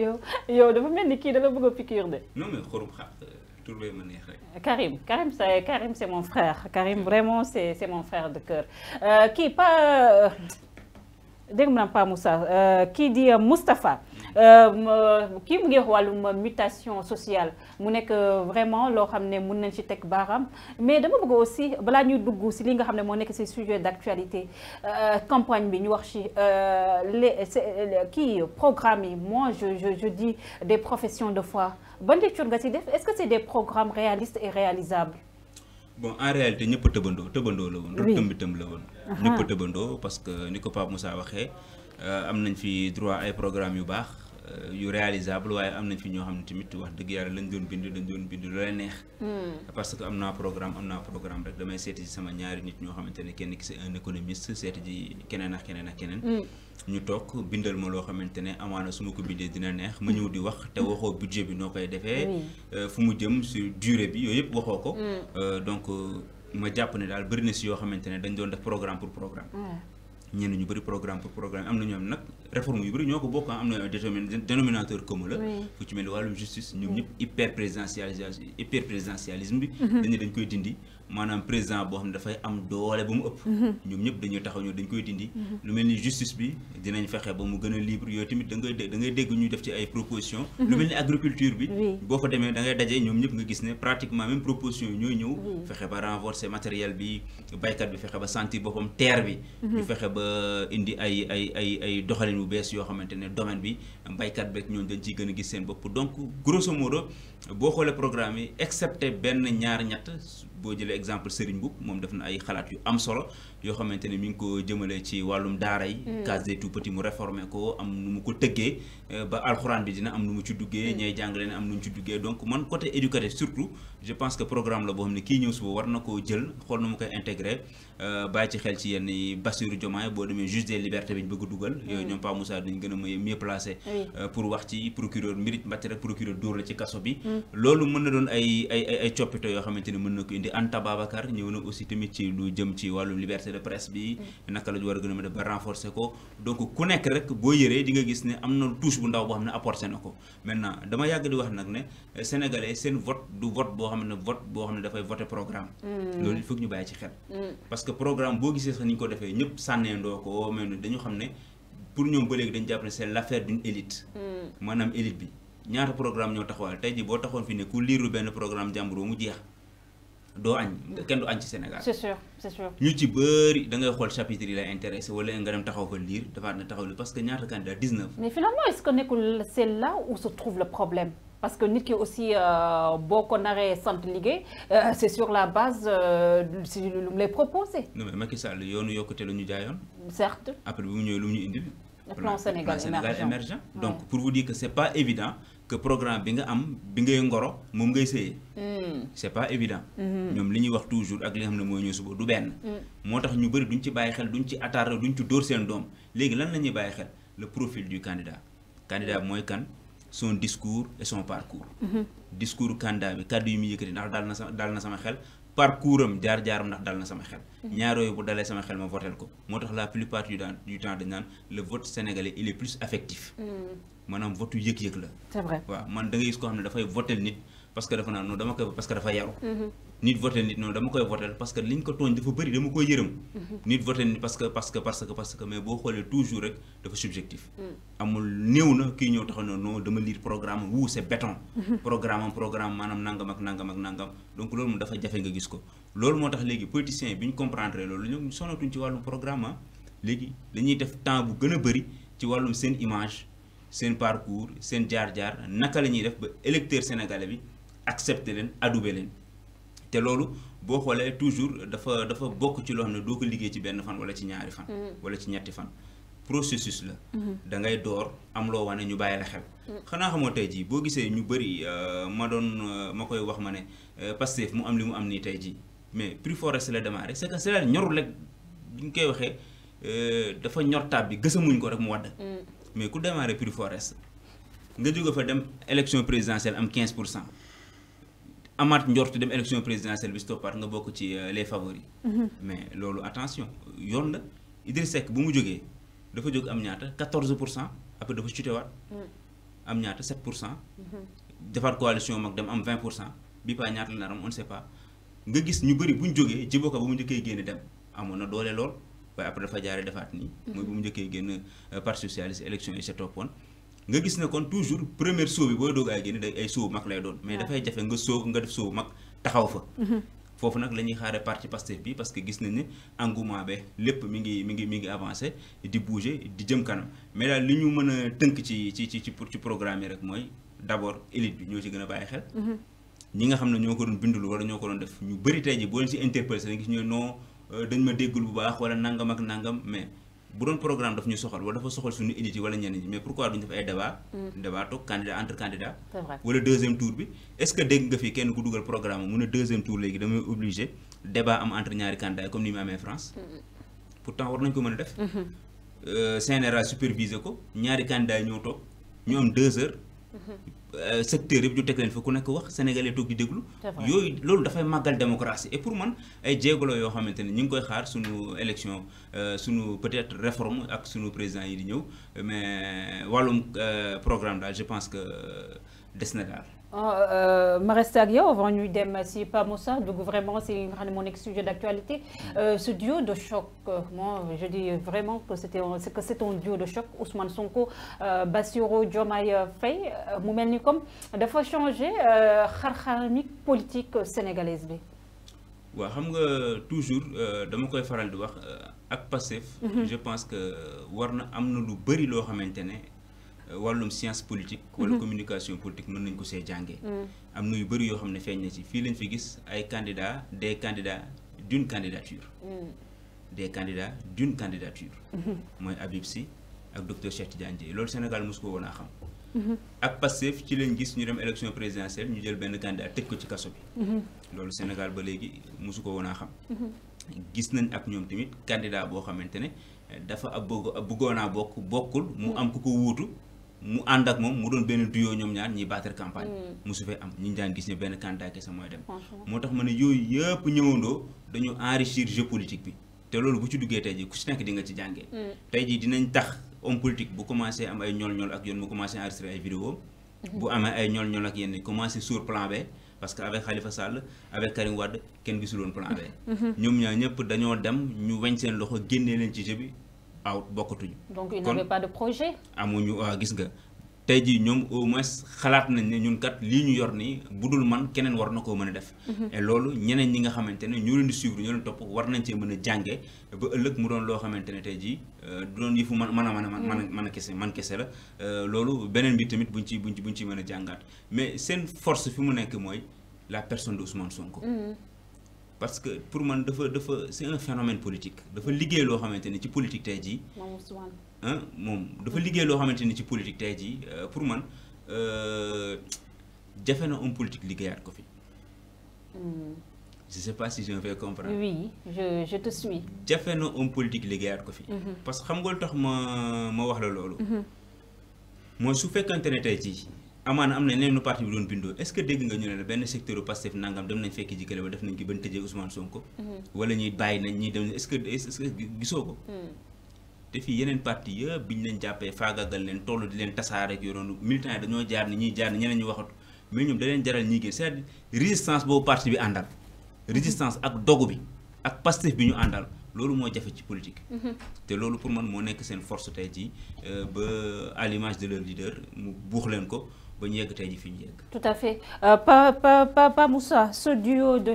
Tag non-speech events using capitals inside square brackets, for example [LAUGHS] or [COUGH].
Yo, yo, dafa mel ni kii da la bëgg piqûre de. non mais xoru xar ma neex rek. Karim Karim c'est Karim c'est mon frère Karim vraiment c'est c'est mon frère de cœur qui euh, pas dégg naa Pa Moussa Qui euh, dit euh, Mustapha, qui euh, mu ngi mutation sociale mu nek vraiment lo xamné ne nañ ci tek baram mais dama bëgg aussi bala ñu dugg ci li nga xamné mo nek nekk sujet d'actualité campagne bi ñu wax ci les qui programme moi je je je dis des professions de foi bande lecture nga ci def est-ce que c'est des programmes réalistes et réalisables bon en réalité ñëpp tëbandoo tëbandoo la woon. oui tëmbi tëmb la woon. ñëpp tëbandoo parce que ni ko Pape Moussa waxee euh, am nañ fi droit ay programme yu baax. Euh, yu réalisable waaye am na fi ñoo xam ne tamit wax dëgg yàlla lañ doon bind lañ doon bind lu la neex. Hmm. parce que am naa programme am naa programme rek damay seeti ci sama ñaari nit ñoo xamante ne kenn ki c'est un économiste seeti ji keneen ak keneen ak keneen. Hmm. ñu toog bindal ma loo xamante ne amaana su ma ko bindee dina neex ma ñëw di wax te hmm. waxoo budget bi noo koy defee. Euh, fu mu jëm si durée bi yooyu yëpp waxoo ko. Euh, donc ma jàpp ne daal bëri na si yoo xamante ne dañ doon def programme pour programme. ñenn ñu bëri programme pour programme am na ñoom nag réforme yu bëri ñoo ko bokk am na dénominateur commun la fu ci mel justice ñoom ñëpp hyper présidentialisme bi mhm. dañu dañ koy dindi manam président bo xamne da fay am doole bu mu upp ñom ñep dañuy taxaw ñu dañ koy dindi lu melni justice bi dinañ fexé ba mu gëna libre yo timit da ngay da ngay dégg ñu def ci ay proposition mhm. lu melni agriculture bi boo fa da ngay dajé ñom ñep nga gis né pratiquement même proposition ñoy ñooy fexé fexe ba renforcer matériel bi baykat bi fexé ba sentir boppam terre bi mhm. ñu fexé ba indi ay ay ay ay doxalin bu bees yo xamantene domaine bi baykat bek ñoon dañ ci gëna gis seen bop donc grosso modo bo xolé programme yi excepté benn ñaar ñatt bo jëlee exemple Serigne Boub mom def na ay xalaat yu am solo yo xamanteni mi ngi ko jëmale ci walum daara yi mm. case des tout petit mu réformer ko am nu mu ko tëggee euh, ba alcorane bi dina am nu mu ci duggé mm. ñay jàngale am nu ci duggé donc man côté éducatif surtout je pense que programme la bo xamni ki kii ñëw war na koo jël xol nu mu koy intégrer euh, bàyyi ci xel ci yenn Bassirou Diomaye bo demee juge des libertés biñ ñu bëgg dugal mm. yooyu ñoom Pape Moussa dañ gëna mëy mieux placé euh, pour wax ci procureur mérite mbatti rek procureur dóor la ci kasso bi lolu mëna na doon ay ay ay coppite yo xamanteni mëna ko indi anta Babacar ñëw na aussi tamit ci lu jëm ci wàllu liberté de presse bi naka la ñu war a gën a mën a ba renforcer ko donc ku nekk rek boo yëree di nga gis ne am na touche bu ndaw boo xam ne apporté na ko maintenant dama yàgg di wax nag ne euh, sénégalais seen vote du boo xam ne vote boo xam ne dafay voté programme mm. loolu il faut que ñu bàyyi ci xel mm. parce que programme boo gisee sax ni ñu ko defee ñëpp sànneendoo ko mel ni dañu xam ne pour ñoom ba léegi dañu jàpp ne c'est l'affaire d'une élite mm. maanaam élite bi ñaata programme ñoo taxawal tey boo taxoon fi ne ku liiru benn programme jàmbur mu jeex kenn du añ ci Sénégal. c'est sûr c'est sûr. ñu ci bëri da ngay xool chapitre yi lay intéressé wala nga dem taxaw ko lire dafaat na taxaw li parce que ñaata candidat 19. mais finalement est-ce que nekkul c'est là où se trouve le problème parce que nit ki aussi euh, boo ko naree sant liggéey euh, c'est sur la base euh, si lu mu lay proposé. non mais Macky Sall yoonu yokkute lu ñu jaayoon. certes après bu mu ñëwee lu mu ñu indi. le plan Sénégal émergent donc pour vous dire que c'est pas évident que programme bi nga am bi ngay ngoro mom ngay hmm. c'est pas évident Nous, hmm. li wax toujours ak li nga du ben nous hmm. ñu bari duñ ci baye xel duñ ci duñ ci dor sen dom nous lan le profil du candidat candidat moy son discours et son parcours discours candidat bi cadre yi ndax parcours am jaar-jaaram ndax dal na sama xel ñaar yooyu bu dalee sama xel ma votel ko moo tax la plupart du temps du temps dañ le vote sénégalais il est plus affectif mm. maanaam vote yëg-yëg la c'est vrai waaw man da ngay gis koo xam ne dafay voter nit parce que dafa naan non dama koy parce que dafa yaru mm-hmm nit voté nit non dama koy voté parce que liñ ko tooñ dafa bëri dama koy yërëm. nit voté nit parce que parce que parce que parce que mais bo xolé toujours rek dafa subjectif. Mm. amul newna ki ñew ñëw non dama lire programme wu c'est béton. [LAUGHS] programme programme manam nangam ak nangam ak nangam donc loolu mu dafa jafé nga gis ko. loolu motax légui politiciens biñ bi comprendre loolu ñu sonatuñ ci wàllum programme légui ah. léegi dañuy def temps bu gëna a ci wàllum sen image sen parcours sen jaar-jaar naka lañuy def ba électeur sénégalais bi accepter leen adoubé leen te loolu bo xolé toujours dafa dafa bokk ci loo xam ne ko liggé ci benn fan wala ci ñaari fan. Mm-hmm. wala ci ñetti fan processus la. Mm-hmm. da ngay door am lo wane ñu bayila la xel. Mm-hmm. xanaa xamoo tey jii boo gisee ñu bëri euh, ma doon euh, makoy wax mané ne euh, Pastef mu am limu am ni tey jii mais plus forest la démarré c'est que c'est la ñorul rek duñ koy euh dafa ñor tab bi gëssamuñ ko rek mu wad mais ku démarré plus forest nga jóge fa dem élection présidentielle am 15 en njortu dem élection présidentielle par euh, les favoris. Mhm. mais attention yone Idriss Seck bu mu joggé dafa am ñaata 14 après dafa wat mm. am ñaata 7 mhm. coalition mak am 20 on sait pas nga gis ñu bu joggé ci bokka bu mu dem doole lool après dafa mhm. euh, parti nga gis ne kon toujours première sóob bi booy doog ay génne day ay sóobu mag lay doon mais dafay jafe nga sóob nga def sóobu mag taxaw fa mhm. foofu nag la ñuy xaare parti Pastef bi parce que gis nañ ne engouement be lépp mi ngi mi ngi mi ngi avancé di bouger di jëm kanam mais daal li ñu mën a tënk ci ci ci ci programme yi rek mooy d'abord élite bi ñoo ci gën a bàyyi xel mhm. ñi nga xam ne ñoo ko doon bindul wala ñoo ko doon def ñu bëri tey ji boo leen si interpellé gis ñooy non euh, dañ ma déggul bu baax wala nangam ak nangam mais bu doon programme daf ñu soxal wala dafa soxal suñu élite yi wala ñenn mais pourquoi duñ def ay débat mm. débat toog candidat entre candidat wala deuxième tour bi est que dégg nga fii kenn ku dugal programme mu ne deuxième tour léegi damay obligé débat am entre ñaari candidat comme ni mu amee France mm-hmm. pourtant war nañ ko mën a def mm-hmm. euh, CNRA supervisé ko ñaari candidat yi ñoo toog ñu am deux heures mm-hmm. Euh, secteur yëpp ñu teg leen fa ku nekk wax sénégalais toog di déglu yooyu loolu dafay màggal démocratie et pour man ay jéegaloo yoo xamante ne ñu ngi koy xaar suñu élection euh, suñu peut-être réforme ak suñu président yi di ñëw mais wàllum euh, programme daal je pense que de Sénégal. Je ah, euh, ma reste ak yow avant ñuy dem si Pa Moussa vraiment c'est nga xam sujet d'actualité. Mm. Euh, ce duo de choc euh, moi je dis vraiment que c'était, c'est que c'est un duo de choc Ousmane Sonko euh, Bassirou Diomaye Faye mu mel comme dafa changé xar politique sénégalaise bi. waaw xam nga toujours dama koy faral di wax ak mm-hmm. je pense que nous avons am de lu bëri wàllum science politique mm-hmm. wala communication politique mën nañ ko see jànge mm. am na yu bëri yoo xam ne feeñ na ci fii lañ fi gis ay candidats des candidats d'une candidature mm. des candidats d'une candidature mm-hmm. mooy Habib Sy ak docteur Cheikh Tidiane Dièye loolu Sénégal mosu ko woon a xam mm-hmm. ak Pastef ci lañ gis ñu dem élection présidentielle ñu jël benn candidat tëj ko ci kaso bi loolu Sénégal ba léegi mosu ko woon xam gis nañ ak ñoom tamit candidat boo xamante ne dafa ab bëggoon a bokk bokkul mu mm. am ku ko wuutu mu and ak mom mu doon benn duo ñom ñaar ñi battre campagne hmm. musu fee am ñi ñaan gis ne benn candidat kese moy dem motax mané yoy yépp yooyu dañu enrichir jeu politique bi té loolu bu ci duggé tay ji ku ci nek di nga ci jàngee hmm. tay ji dinañ tax homme politique bu commencé am ay ñol ñol ak yoon mu commencé enregistrer ay vidéo hmm. bu amee ay ñol ñol ak yenn commencé sur plan B parce que avec Khalifa Sall avec Karim Wade kenn gisuloon plan B ñom ñaar ñëpp dañoo dem ñu weñ seen loxo génné leen ci jeu bi out bokkatuñu. donc il n'avait pas de projet. amuñu waaw euh, gis nga tayji ñom au moins xalaat nañ ne ñun kat lii ñu yor ni budul man keneen war nako mëna def. Mhm. et lolu ñeneen ñi nga xamantene ñu leen di suivre ñu leen top war nañ ci mëna jàngé ba ëllëg mu doon lo xamantene tayji tey euh, du doon yifu man man man man man a man kessé la. Euh, lolu benen bi tamit buñ ci buñ ci buñ ci mën jàngaat mais seen force fi mu nekk mooy la personne de Ousmane Sonko. Mhm parce que pour man dafa dafa c'est un phénomène politique dafa liggéey lo xamanteni ci politique tey jii ah moom dafa liggéey lo xamanteni ci politique tey euh, pour man euh, jafe na un politique liggéeyaat ko fi hmm. je sais pas si je me fais comprendre. oui je je te suis. jafe na homme politique liggéeyaat ko fi. Mhm. parce que xam nga tax ma ma wax la loolu. Mhm. moi su fekkante ne tey amaana am na neenu parti bi doon bindoo est-ce que dégg nga ñu ne la benn secteur u Pastef nangam dem nañ fekki ji kële ba def nañ ko ban tëjee Ousmane Sonko. Mhm. wala ñuy bàyyi nañ ñuy dem est-ce que est-ce que gisoo ko. Mhm. te fii yeneen parti yëpp biñ leen jàppee faagaagal leen toll di leen tasaare ak yoroon militants yi dañoo jaar ni ñuy jaar ni ñeneen ñu waxatu mais ñoom da leen jaral ñii génn c'est-à-dire résistance boobu parti bi àndal. résistance ak dogu bi ak Pastef bi ñu àndal. loolu moo jafe ci politique. Mhm. te loolu pour man moo nekk seen force tey jii euh, ba à l'image de leur leader mu buux leen ko. tout à fait euh, Papa Moussa ce duo de